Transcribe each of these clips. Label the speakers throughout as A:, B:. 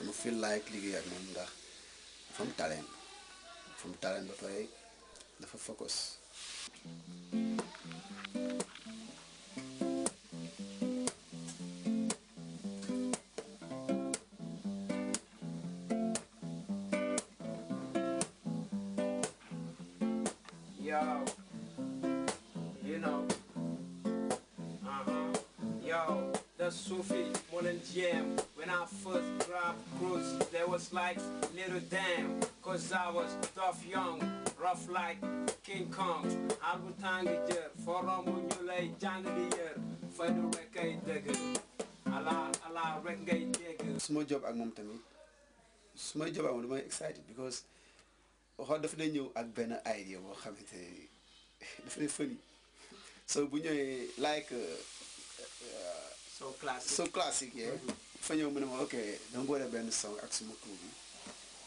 A: I feel like liggéey ak from talent from talent ba pare focus yo, you know, uh-huh, yo, the Sufi, Morning Jam. I first grabbed cruise, there was like little damn, cause I was tough young, rough like King Kong. Albert Tangier, forum mu ñu lay jàngali yër, fay du rekkay dëgg, ala ala rek ngay dégg. su ma job ak moom tamit su may job I'm damay excited because waxoon dafa ne ñëw been an idea boo xamante dafa Definitely funny so when you like. Uh, uh, so classic so classic yeah mm-hmm. fa ñëw mu ne ma ok dama boole benn song ak suma crew bi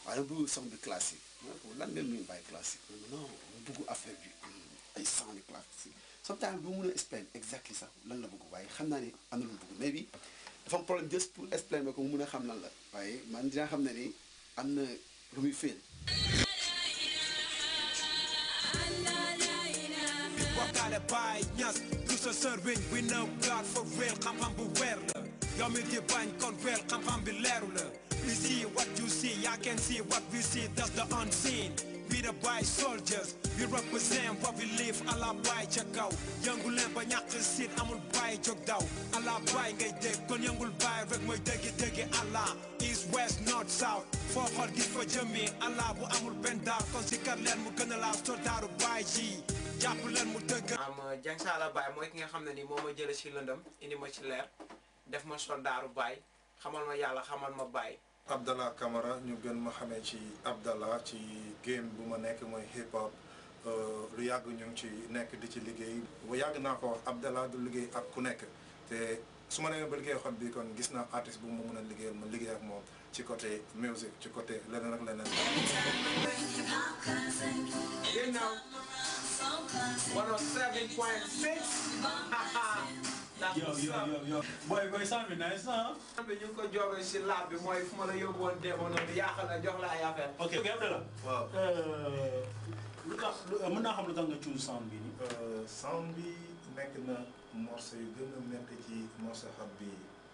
A: waaye dama bëgg song bi classique ma ne ko lan ngeen mën bàyyi classique ma ne non ma bëgg affaire bi am mm, ay sound classique sometimes bu mun a explain exactly sax lan la bëgg waaye xam naa ne am na lu mu bëgg mais bi dafa am problème juste pour explain ba ko mu mun a xam lan la waaye man dinaa xam ne ni am na lu muy féen wakkaale baay ñas Jesus a serving, we know God for real, come from beware. Y'all meet your bank, convert, come from below. We see what you see, I can see what we see, that's the unseen. We the white soldiers, we represent what we live, Allah white check out. Young Gulen Banyak can see. I'm gonna check out. Allah by get deck, con young will buy, reg my deck, deck, Allah. East, west, north, south. For hard gift for Jimmy, Allah, I'm gonna bend down, cause you can learn, we're gonna last to die to buy G. jàpp leen mu dëgg. am euh, Dieng Saala Baye mooy ki nga xam ne nii moo ma jëlee si lëndëm indi ma ci leer def ma sondaaru Baye xamal ma yàlla xamal ma Baye. Abdallah kamara ñu gën ma xamee ci Abdallah ci game bu ma nekk mooy hip hop euh, lu yàgg ñu ngi ci nekk di ci liggéey. yàgg naa ko wax Abdallah du liggéey ak ku nekk te su ma demee ba liggéey xol bi kon gis naa artiste bu ma mun a liggéeyal ma liggéey ak moom ci coté musique ci côté leneen ak leneen. 107.6. yo yo yo yo booy booy sànni nice na ah. bi ñu ngi ko joobee si laab bi mooy fu ma la yóbbuwoon demoon na bi yaaxal la jox la ay affaire. ok la. waaw euh, lu tax euh, mën naa xam lu tax nga cuul sound bi nii. Euh, sound bi nekk na morceau yu gën a métti ci morceau xab bi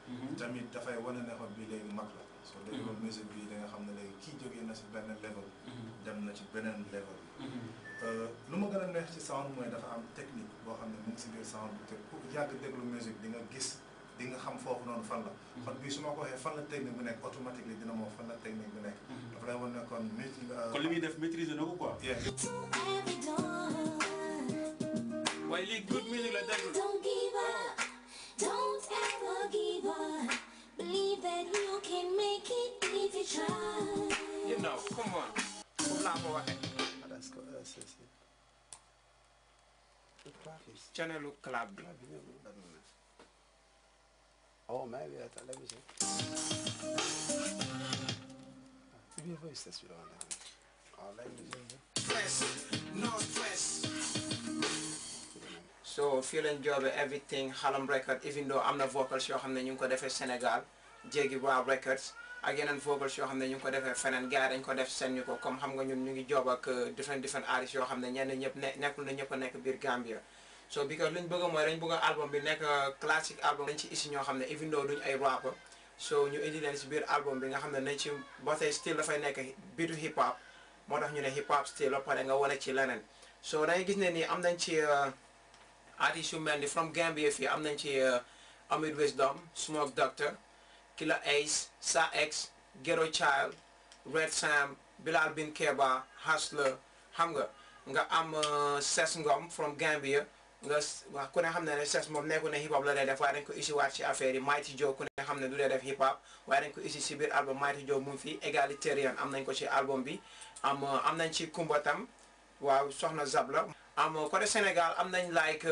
A: mhm. tamit dafay wane ne xab bi léegi mag la. soo déglu mhm. musique bi da xam ne léegi kii jógee na si benn level. Mhm. dem na ci level mhm. euh, neex ci sound dafa am technique mu ngi biir sound te ku déglu musique di nga gis di nga xam fan la mhm. ko fan la technique dina fan la technique mhm. dafa lay kon euh, def maîtriser good music la déglu
B: Don't ever give up. Believe that you can make it if you try.
A: You know, come on. Lambo waxe that's good that's it the clap is channel clap bi oh maybe I thought let me a voice test video oh let press no stress so fii leen joobe everything Harlem record even though i am the vocals yoo xam ne ñu ngi ko defee Sénégal jéegi waa records ak yeneen vocals yoo xam ne ñu ngi ko defee feneen gars yi dañ ko def seen ñu ko comme xam nga ñun ñu ngi job ak euh, different different artistes yoo xam ne ñenn ñëpp ne nekkul na ñëpp a nekk biir Gambia so because luñ bëgg mooy dañ bëgg album bi nekk euh, classique album dañ ci isi ñoo xam ne even though duñ ay rap so ñu indi leen si biir album bi nga xam ne nañ ci ba tey style dafay nekk biitu hip hop moo tax ñu ne hip hop style la pare nga wane ci leneen so dangay gis ne nii am nañ ci euh, artistes yu mel ni from Gambia fii am nañ ci Amid Wisdom Smoke Doctor Killer Ace, Sa X, Ghetto Child, Red Sam, Bilal Bin Keba, Hustler xam nga nga am Ses uh, Ngom from Gambia nga ku ne xam ne ne Ses moom nekku ne hip hop la dee def waaye dañ ko isi waat ci affaire yi Mighty Joe ku ne xam ne du dee def hip hop waaye dañ ko isi si biir album Mighty Joe mu ngi am nañ ko ci album bi am uh, am nañ ci Kumba tam waaw soxna Zabla am uh, côté Sénégal am nañ like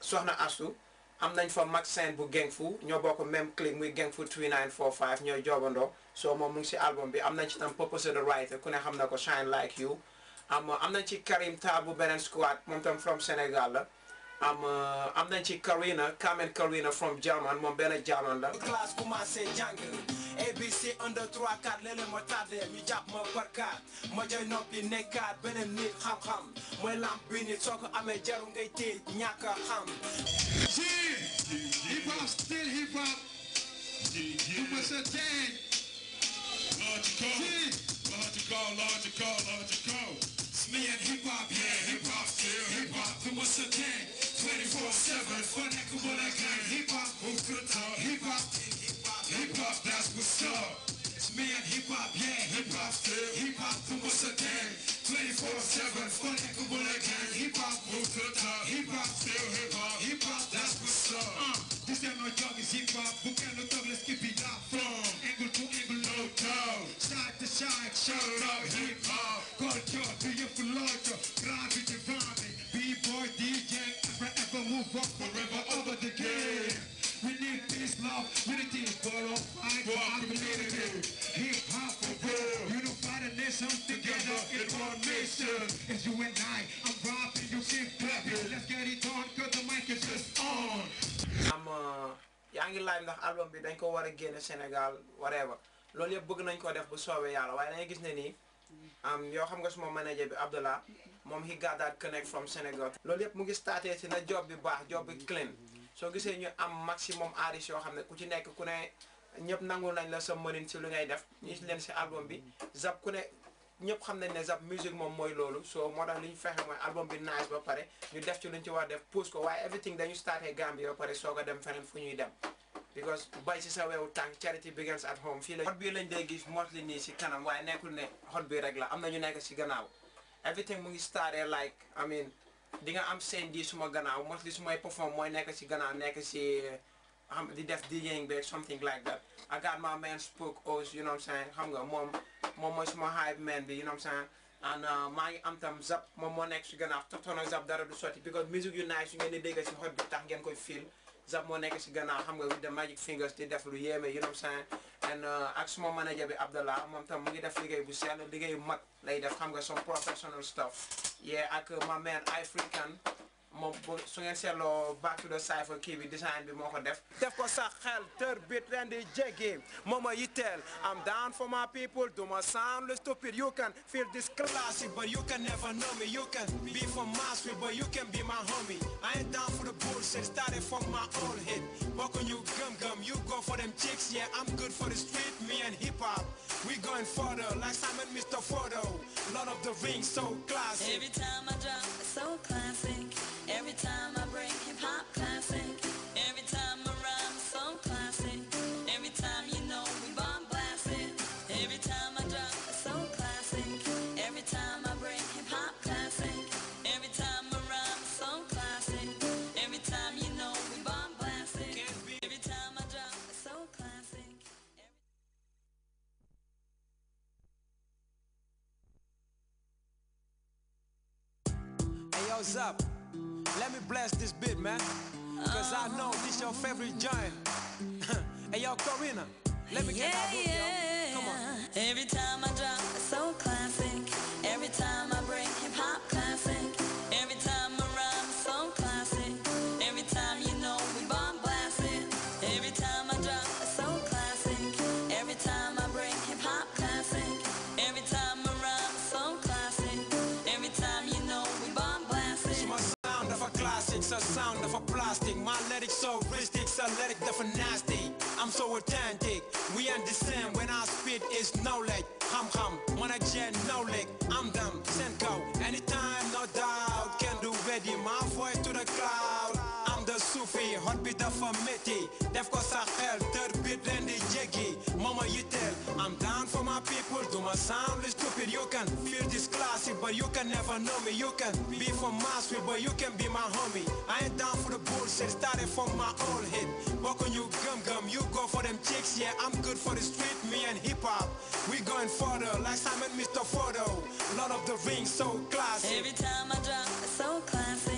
A: soxna Astou am nañ fa Maxine bu Geng ñoo bokk même clique muy Geng Fu 3945 ñoo joobandoo soo moom mu ngi si album bi am nañ ci tam Purpose the Writer ku ne xam na ko Shine Like You am am nañ ci Karim Ta bu beneen squad moom tam from Sénégal la i am uh, i am Nancy Karina Carmen Karina from German moom benn German la. classe commencé jàng ABC 1 3 4 léeg-léeg ma tardé ñu jàpp ma barkaat ma jooy noppi nekkaat nit xam-xam mooy lamp bi nit soo ko jaru ngay téye ñàkk a xam. si hip hop still hip hop. Logical, logical, logical. It's me and hip hop, yeah, hip hop, still hip hop. Who was the thing? 7 on that Kumona gang. Hip hop, who could talk? Hip hop, hip hop, that's what's up. me and hip hop, yeah, hip hop still. Hip hop, who was a gang? 24-7 on that Kumona gang. Hip hop, who could talk? Hip hop still, hip hop, hip hop, that's what's up. Uh, this ain't no joke, hip hop. Bucano Douglas, keep it up from angle to angle, no doubt. to side, shout out hip hop. Culture, beautiful, culture. love, unity is borrowed, I for our community. Hip hop for good, unify the nation together in one mission. It's you and I, I'm robbing you, keep clapping. Let's get it on, cause the mic is just on. I'm uh, young ngi laaj ndax album but then go war again génne Sénégal whatever loolu yëpp bëgg nañ ko def bu soobee yàlla waaye dañuy gis ne nii am yoo xam nga suma manager bi Abdallah moom he got that connect from Sénégal loolu yëpp mu ngi starté si na job bi baax job bi clean soo gisee ñu am maximum artistes yoo xam ne ku ci nekk ku ne ñëpp nangul nañ la sa mënin si lu ngay def ñu si leen si album bi zap ku ne ñëpp xam nañ ne zap musique moom mooy loolu soo moo tax li ñu fexe mooy album bi nice ba pare ñu def ci luñ ci war def pousse ko waaye everything dañu starté Gambie ba pare soog a dem feneen fu ñuy dem because bay si sa weewu tànk charity begins at home fii la xot lañ dee gis mostly nii si kanam waaye nekkul ne xot bi rek la am na ñu nekk si gannaaw everything mu ngi starté like I Dinga, nga am seen di suma gannaaw mostly su may perform mooy nekk si gannaaw nekk si xam di def DJing beeg something like that I got my man Spook oh, you know what I'm saying xam nga moom moom mooy suma hype man bi you know what I'm saying and uh, maa ngi am tam Zap moom moo nekk si gannaaw toxtoon ak Zap dara du sotti because music yu nice yu ngeen di dégg si xol bi tax ngeen koy feel Zap moo nekk si gannaaw xam nga with the magic fingers di def lu yéeme you know what I'm saying and uh, ak suma manager bi Abdallah moom tam mu ngi def liggéey bu sell liggéey bu mag lay def xam nga some professional stuff yeah, I could my man I freaking moom su ngeen seetloo back to the cypher kii bi design bi moo def def ko sa xel tër bit ren di jéggi moo I'm down for my people do my sound stupid you can feel this classic but you can never know me you can be from street but you can be my homie I ain't down for the bullshit started from my old head bokku you gum gum, you go for them chicks yeah I'm good for the street me and hip hop we going further like Simon Mr. Photo Lord of the Rings so classic every
B: time I drop so classic Every time I bring hip hop classic. Every time I rhyme so classic. Every time you know we bomb blast it. Every time I drop so classic. Every time I hip hop classic. Every time I rhyme so classic. Every time you know we bomb blast it. Every time I drop so classic.
A: what's up? Let me bless this bit, man. Cause I know this your
B: favorite giant. hey, yo, Corina,
A: let me yeah, get that book, yeah. yo. Come on.
B: Every time. for plastic. My lyrics so rich,
A: athletic, the nasty. I'm so authentic. We understand when I spit is knowledge. Hum hum, wanna gen knowledge. I'm them, Senko. Anytime, no doubt. Can do ready, my voice to the cloud. I'm the Sufi, hot beat of a meti. Def course I hell, third beat Randy Jiggy. Mama, you tell, I'm down for my people. Do my sound is stupid. You can feel this classic, but you can never know me. You can be from my street, but you can be my homie. I ain't down shit started from my own hip. Walk on you gum gum, you go for them chicks, yeah. I'm good for the street, me and hip hop. We going further, like Simon Mr. Photo. Lord of the Rings, so classy. Every
B: time I drop, so classy.